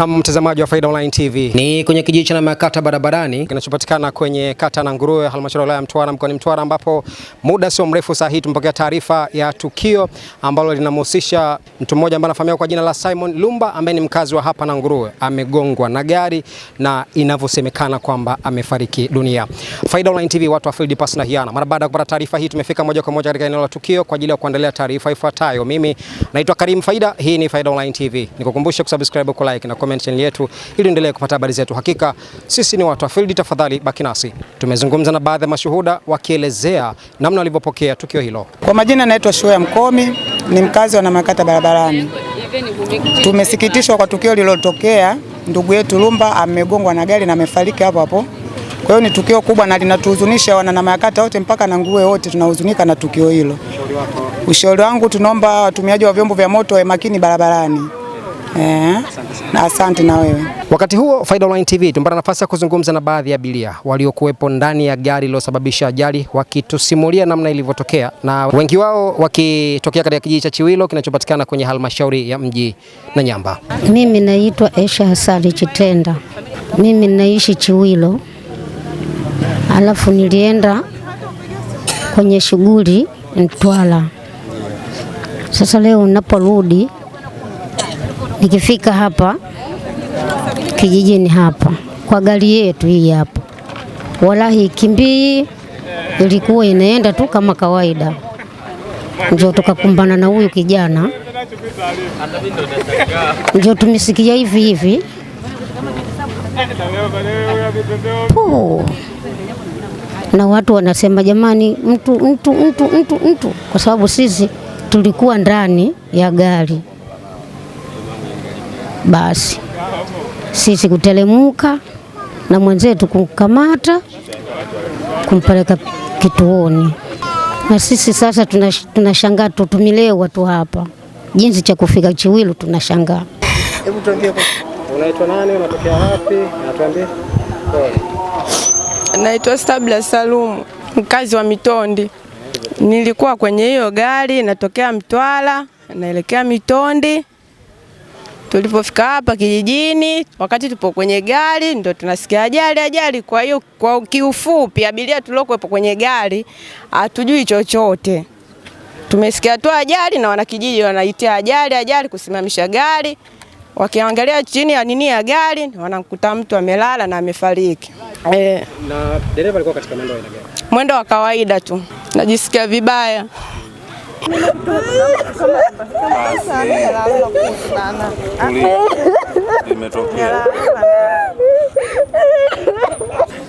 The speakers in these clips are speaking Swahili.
Na mtazamaji wa Faida Online TV ni kwenye kijiji cha Namakata barabarani kinachopatikana kwenye kata na Nguruwe halmashauri ya wilaya ya Mtwara mkoani Mtwara, ambapo muda sio mrefu saa hii tumepokea taarifa ya tukio ambalo linamhusisha mtu mmoja ambaye anafahamika kwa jina la Simon Lumba ambaye ni mkazi wa hapa na Nguruwe, amegongwa na gari na inavyosemekana kwamba amefariki dunia. Faida Online TV, watu wa field pass na hiana. Mara baada ya kupata taarifa hii, tumefika moja kwa moja katika eneo la tukio kwa ajili ya kuandalia taarifa ifuatayo. Mimi naitwa Karim Faida, hii ni Faida Online TV, Nikukumbusha kusubscribe, kulike na comment channel yetu ili endelee kupata habari zetu. Hakika sisi ni watu wa field, tafadhali baki nasi. Tumezungumza na baadhi ya mashuhuda wakielezea namna walivyopokea tukio hilo. Kwa majina, naitwa Shoya Mkomi, ni mkazi wa Namakata barabarani. Tumesikitishwa kwa tukio lililotokea, ndugu yetu Lumba amegongwa na gari na amefariki hapo hapo. Kwa hiyo ni tukio kubwa na linatuhuzunisha wana Namakata wote mpaka na Nguwe wote tunahuzunika na tukio hilo. Ushauri wangu, tunaomba watumiaji wa vyombo vya moto wawe makini barabarani. Eh, asante na wewe. Wakati huo Faida Online TV tumepata nafasi ya kuzungumza na baadhi ya abiria waliokuwepo ndani ya gari lililosababisha ajali, wakitusimulia namna ilivyotokea, na wengi wao wakitokea katika kijiji cha Chiwilo kinachopatikana kwenye halmashauri ya mji Nanyamba. Mimi naitwa Aisha Hasari Chitenda, mimi naishi Chiwilo, alafu nilienda kwenye shughuli mtwala Sasa leo naporudi Nikifika hapa kijijini hapa kwa gari yetu hii hapa, walahi kimbii, ilikuwa inaenda tu kama kawaida, ndio tukakumbana na huyu kijana, ndio tumesikia hivi hivi Puu. Na watu wanasema jamani, mtu mtu mtu mtu mtu, kwa sababu sisi tulikuwa ndani ya gari basi sisi kutelemuka na mwenzetu kumkamata kumpeleka kituoni, na sisi sasa tunashangaa tuna watu hapa jinsi cha kufika Chiwilu tunashangaa. Hebu tuambie, unaitwa nani, unatokea wapi? Natuambie. Naitwa Stabla Salumu, mkazi wa Mitondi. Nilikuwa kwenye hiyo gari natokea Mtwara naelekea Mitondi Tulipofika hapa kijijini, wakati tupo kwenye gari ndo tunasikia ajali, ajali. Kwa hiyo kwa kiufupi, abiria tuliokuwepo kwenye gari hatujui chochote, tumesikia tu ajali na wanakijiji wanaitia ajali, ajali, kusimamisha gari. Wakiangalia chini ya nini ya gari wanakuta mtu amelala na amefariki. Eh, na dereva alikuwa katika mwendo wa Mwendo wa kawaida tu. Najisikia vibaya.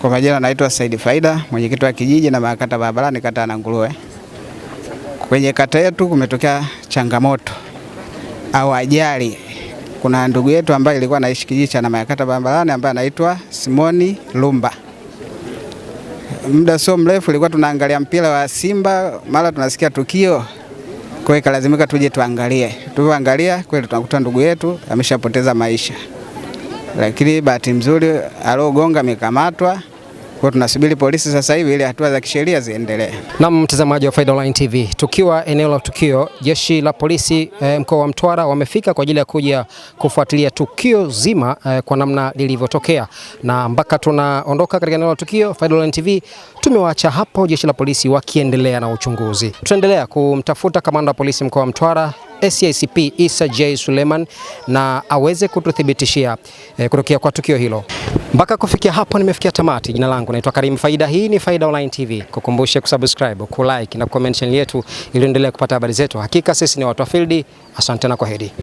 Kwa majina naitwa Saidi Faida, mwenyekiti wa kijiji na makata barabarani kata ya Nanguruwe. Kwenye kata yetu kumetokea changamoto au ajali. Kuna ndugu yetu ambaye ilikuwa anaishi kijiji cha Namakata barabarani ambaye anaitwa Simoni Lumba. Muda sio mrefu ilikuwa tunaangalia mpira wa Simba, mara tunasikia tukio kwa hiyo ikalazimika tuje tuangalie. Tuangalia kweli tunakuta ndugu yetu ameshapoteza maisha, lakini bahati nzuri aliogonga amekamatwa kwa tunasubiri polisi sasa hivi ili hatua za kisheria ziendelee. Na mtazamaji wa Faida Online TV, tukiwa eneo la tukio, jeshi la polisi eh, mkoa wa Mtwara wamefika kwa ajili ya kuja kufuatilia tukio zima eh, kwa namna lilivyotokea, na mpaka tunaondoka katika eneo la tukio, Faida Online TV tumewaacha hapo, jeshi la polisi wakiendelea na uchunguzi. Tutaendelea kumtafuta kamanda wa polisi mkoa wa Mtwara SACP Isa J Suleiman na aweze kututhibitishia eh, kutokea kwa tukio hilo. Mpaka kufikia hapo nimefikia tamati. Jina langu naitwa Karim Faida. Hii ni Faida Online TV. Kukumbushe kusubscribe, kulike na comment yetu ili endelea kupata habari zetu. Hakika sisi ni watu wa field. Asante na kwaheri.